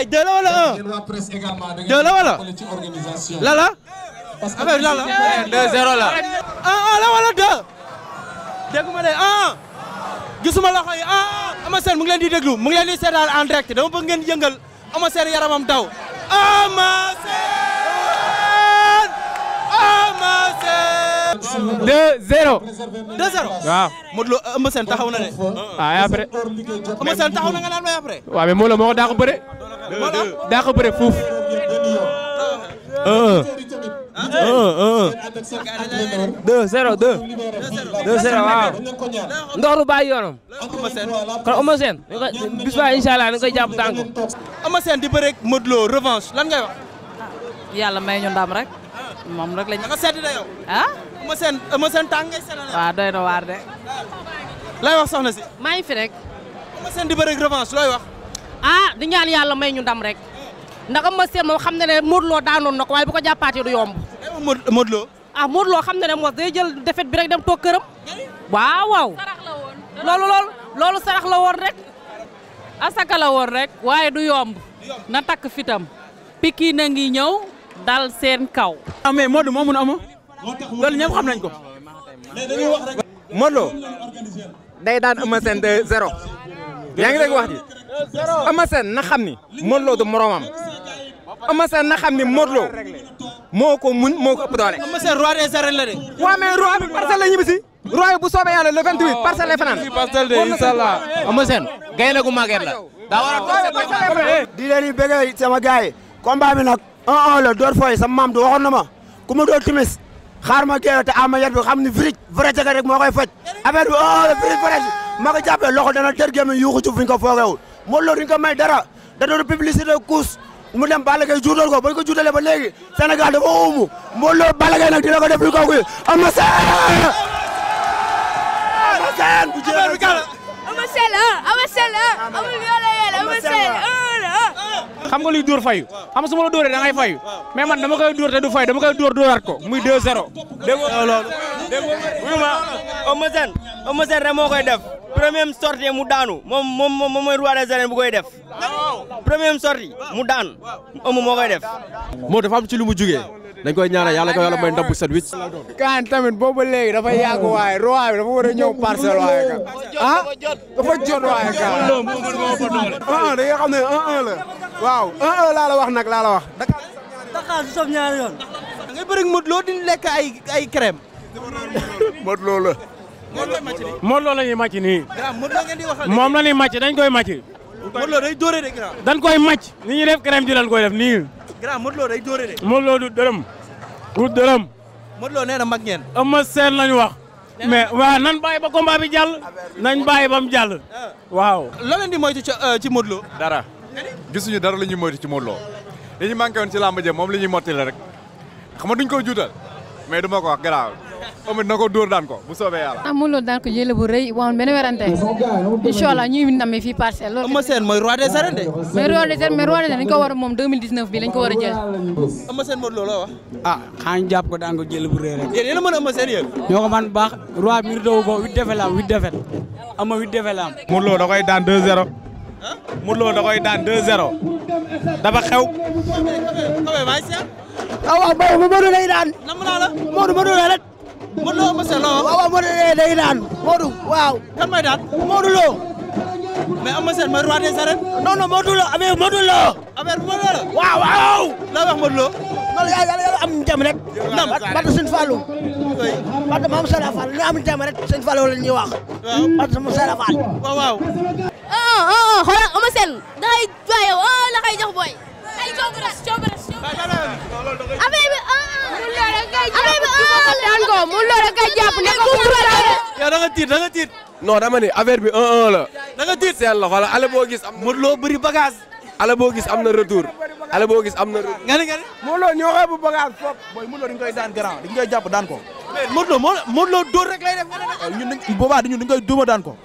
ay deux la wala un. deux la la la. parce que affaire la la. deux zéro la. un un la wala deux. Ama Sène mu ngi leen di mu ngi leen di seetaan en direct dama bëgg ngeen yëngal Ama Sène yaramam daw. Ama Sène. Ama Sène. deux zéro. waaw. Modou Lo Ama Sène taxaw na de. ah après. Ama Sène taxaw na nga naan may après. waaw mais Modou Lo moo ko bëre. daa ko bëre fuuf. un un un. deux zéro deux. deux zéro waaw. ndox du bàyyi yoonam. kon Eumeu Sène. bis ba incha allah dañ koy jàpp revanche lan ngay wax. yàlla may ñu rek. Ah. moom rek lañ. da nga seetlu de ah? doy na waar de. si. maa ngi fi rek. Eumeu Sène di a ah, di ñaan yàlla may ñu dam rek ndax Eumeu Sène moom xam na ne Modou Lo daanoon na ko waaye bu ko jàppaatee du yomb. Modou Lo. ah Modou Lo xam na ne moos day jël defet bi rek dem toog këram. waaw waaw. loolu loolu loolu sarax la woon rek. asaka la woon rek waaye du yomb. na takk fitam piki na ngi ñëw dal seen kaw. ah mais Modou moo mun a amoo. loolu ñëpp xam nañ ko. Modou day daan Eumeu Sène de yaa ngi dégg wax Eumeu Sène na xam ni Modou Lo du moroomam Eumeu Sène na xam ni Modou Lo moo ko mun moo ko ëpp doole. Eumeu Sène roi des arènes la de. waaw bi parcelle la ñibbi si. roi bu le fanaan. parcelle de incha allah. Eumeu Sène gaynde gu màgget la. daa war a toog parcelle di nag 1-1 la door fooy sama maam du ma ku ma timis xaar ma géewe te ama yet xam ni virij vrai jaga moo koy faj affaire bi 1-1 la virij vrai ma ko jàppee loxo dana tër gémmiñ yuuxu Modou Lo ko may dara da doon publicité course mu dem Balla Gaye juutal ko bañ ko juutalee ba léegi Sénégal dafa uumu Modou Lo nag dina ko def lu ko wuyu am na seen. am na seen bu jéem a jël am na seen am na seen amul yoola yoola am na seen xam nga luy dóor fayu xam mais man dama koy dóor te dama koy dóor dóoraat ko muy 2-0. ma Eumeu Sène koy def. première sortie mu daanu moom moom moom mooy roi des arènes bu koy def première sortie mu daan amu moo koy def. moo dafa am ci lu mu jugee dañ koy ñaanal yàlla ko yàlla may ndam bu set wicc. kaan tamit boobu léegi dafa yàgg waaye roi bi dafa war a ñëw parcelle waaye ka ah dafa jot waaye ka ah da nga xam ne un un la waaw un un laa la wax nag laa la wax. Dakar su soob ñaari yoon. da ngay bëri Modou Lo di lekk ay ay crème. Modou Lo la. Modou Lo la ñuy màcc nii. moom la ñuy màcc dañ koy màcc. Modou Lo day dóore de grand. dañ koy màcc ni ñuy def crème ji lañ koy def nii. grand Modou Lo day dóore de. Modou Lo du dërëm. du dërëm. Modou Lo nee na mag ngeen. Eumeu Sène lañu wax. mais waa nan bàyyi ba combat bi jàll. nañ bàyyi ba mu jàll. Ah. waaw. loo leen di moytu ci euh, Modou Lo. dara gisuñu dara la ñuy moytu ci Modou Lo. li ñu manqué woon ci làmb jëm moom la ñuy mottali rek xam nga duñ ko juutal mais du ma ko wax garaawal. amit na ko dóor daan ko bu soobee yàlla. ah Modou daan ko jëlee bu rëy woon benn werante incha allah ñuy ndam fii parcelle loolu. Eumeu Sène mooy roi des arènes de. mais roi des arènes mais roi des arènes dañ ko war a moom 2019 bi lañ ko war a jël. Eumeu Sène Modou Lo la wax. ah xaañ jàpp ko daan ko jëlee bu rëy rek. a a ñoo ko man baax roi bi dow ko huit défaites la am huit défaites am na da koy daan 2-0. Modou Lo da koy daan 2-0. dafa xew. ah waaw Baye bu Modou lay mën na ëmb seen waaw waaw Modou Lo day daan Modou waaw. kan mooy daan Modou Lo. mais ëmb seen mooy roi des arènes. non non Modou Lo avec Modou Lo. avec Modou Lo. waaw waaw. la wax Modou Lo. man yàlla am jàmm rek. ndam bat suñ Fallou. oui bat maam Sara Fall am jàmm rek suñ Fallou la ñuy wax. waaw bat maam Sara Fall. waaw waaw. ah ah xoolal ëmb seen da ngay jox yow ah la koy jox booy. ay coombaras coombaras ko mu loolu a koy jàpp ko mu loolu. yow da nga tiit da nga tiit. non dama ni affaire bi 1-1 la. da nga tiit seen la wala ale boo gis am na. Modou Lo bëri bagage. boo gis am na retour. ale boo gis am na retour. nga ni nga ni. Modou Lo ñoo xeebu jàpp daan ko. mais Modou Lo Modou Lo rek lay def. ñun dañu boobaa dañu koy duma daan ko.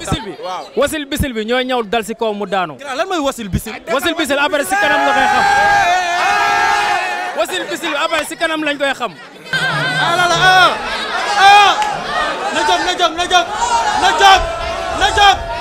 bisil bi wasil bisil bi ñooy ñëw dal si kaw mu daanu. lan mooy wasil bisil. wasil bisil après si kanam si kanam lañ koy xam. ah là là ah ah na jóg na jóg na jóg na jóg na jóg